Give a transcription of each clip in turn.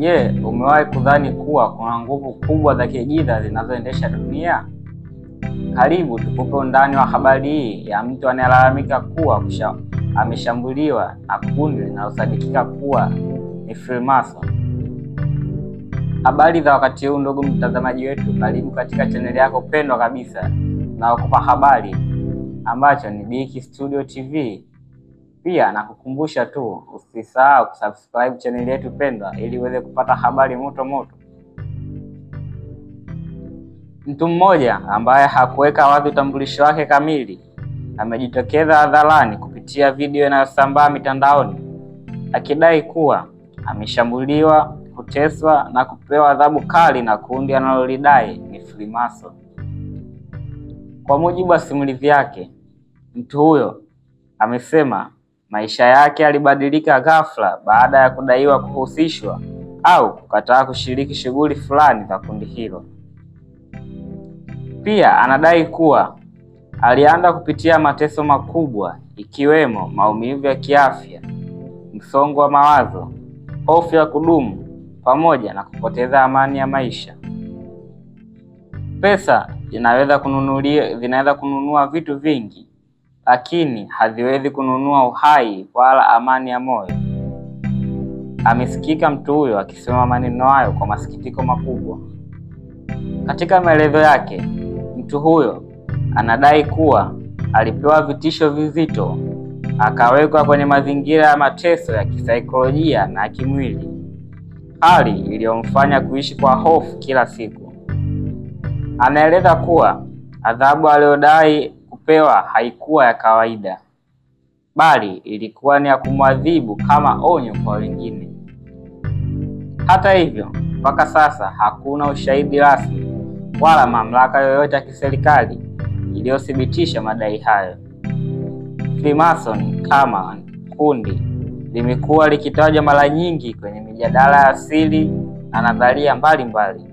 Je, yeah, umewahi kudhani kuwa kuna nguvu kubwa za kigiza zinazoendesha dunia? Karibu tukupe undani wa habari hii ya mtu anayelalamika kuwa ameshambuliwa na kundi linalosadikika kuwa ni Freemason. Habari za wakati huu, ndugu mtazamaji wetu, karibu katika chaneli yako pendwa kabisa naokupa habari ambacho ni Biki Studio TV. Pia nakukumbusha tu usisahau kusubscribe channel yetu pendwa ili uweze kupata habari moto moto. Mtu mmoja ambaye hakuweka wazi utambulisho wake kamili amejitokeza hadharani kupitia video inayosambaa mitandaoni akidai kuwa ameshambuliwa, kuteswa na kupewa adhabu kali na kundi analolidai ni Freemason. Kwa mujibu wa simulizi yake, mtu huyo amesema Maisha yake yalibadilika ghafla baada ya kudaiwa kuhusishwa au kukataa kushiriki shughuli fulani za kundi hilo. Pia anadai kuwa alianza kupitia mateso makubwa ikiwemo maumivu ya kiafya, msongo wa mawazo, hofu ya kudumu pamoja na kupoteza amani ya maisha. Pesa zinaweza kununulia, zinaweza kununua vitu vingi lakini haziwezi kununua uhai wala amani ya moyo. Amesikika mtu huyo akisema maneno hayo kwa masikitiko makubwa. Katika maelezo yake, mtu huyo anadai kuwa alipewa vitisho vizito, akawekwa kwenye mazingira ya mateso ya kisaikolojia na kimwili, hali iliyomfanya kuishi kwa hofu kila siku. Anaeleza kuwa adhabu aliyodai kupewa haikuwa ya kawaida, bali ilikuwa ni ya kumwadhibu kama onyo kwa wengine. Hata hivyo, mpaka sasa hakuna ushahidi rasmi wala mamlaka yoyote ya kiserikali iliyothibitisha madai hayo. Freemason kama kundi limekuwa likitajwa mara nyingi kwenye mijadala ya asili na nadharia mbalimbali,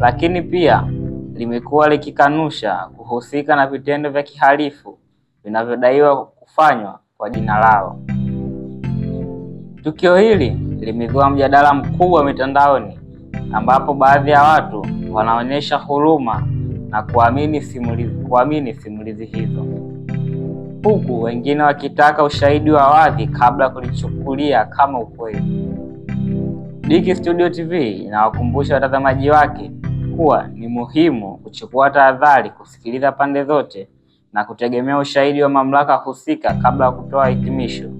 lakini pia limekuwa likikanusha kuhusika na vitendo vya kihalifu vinavyodaiwa kufanywa kwa jina lao. Tukio hili limezua mjadala mkubwa mitandaoni, ambapo baadhi ya watu wanaonyesha huruma na kuamini simulizi, kuamini simulizi hizo, huku wengine wakitaka ushahidi wa wazi kabla kulichukulia kama ukweli. Dicky Studio TV inawakumbusha watazamaji wake kuwa ni muhimu kuchukua tahadhari, kusikiliza pande zote na kutegemea ushahidi wa mamlaka husika kabla ya kutoa hitimisho.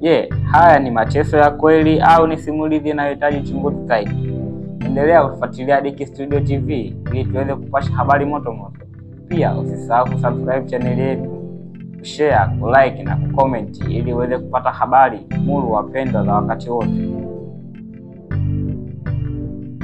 Je, haya ni mateso ya kweli au ni simulizi inayohitaji uchunguzi zaidi? Endelea kutufuatilia Dicky Studio TV ili tuweze kupasha habari moto moto. Pia usisahau kusubscribe chaneli yetu, kushare, kulike na kukomenti ili uweze kupata habari muru wapendwa za wakati wote.